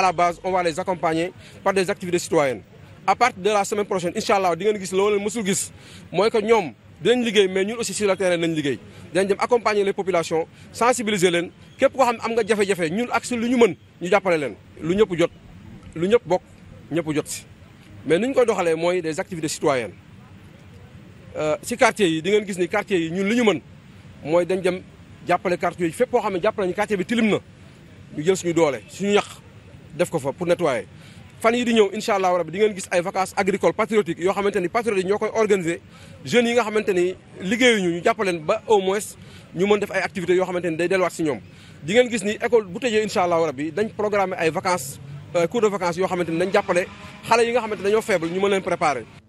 à la base on va les par des activités citoyennes à partir de la semaine prochaine incha allah di ngeen gis loolu leen gis mooy que ñoom dinañ liggéey mais ñu aussi sur le terrain nañ liggéey dinañ dem accompagner les populations sensibiliser leen képp koo xam am nga jafe-jafe ñun ak si lu ñu mën ñu jàppale leen lu ñëpp jot lu ñëpp bokk ñëpp jot si mais ni ñu koy doxalee mooy des activités citoyennes euh, si quartier yi di ngeen gis ni quartier yi ñun li ñu mën mooy dañ dem jàppale quartier yi fépp koo xam ne jàppale ñu bi tilim na ñu jël suñu doole suñu ñax def ko fa pour nettoyer fan yi di ñëw incha allahu rabi di ngeen gis ay vacances agricoles patriotiques yoo xamante ni patriotes yi ñoo koy organiser jeunes yi nga xamante ni liggéeyuñu ñu jàppaleen ba au moins ñu mën def ay activités yoo xamante ni day wat si ñoom di ngeen gis ni école bu tëjee incha allahu rabi dañ programmer ay vacances euh, cours de vacances yoo xamante ni dañ jàppale xale yi nga xamante dañoo faible ñu mën leen préparer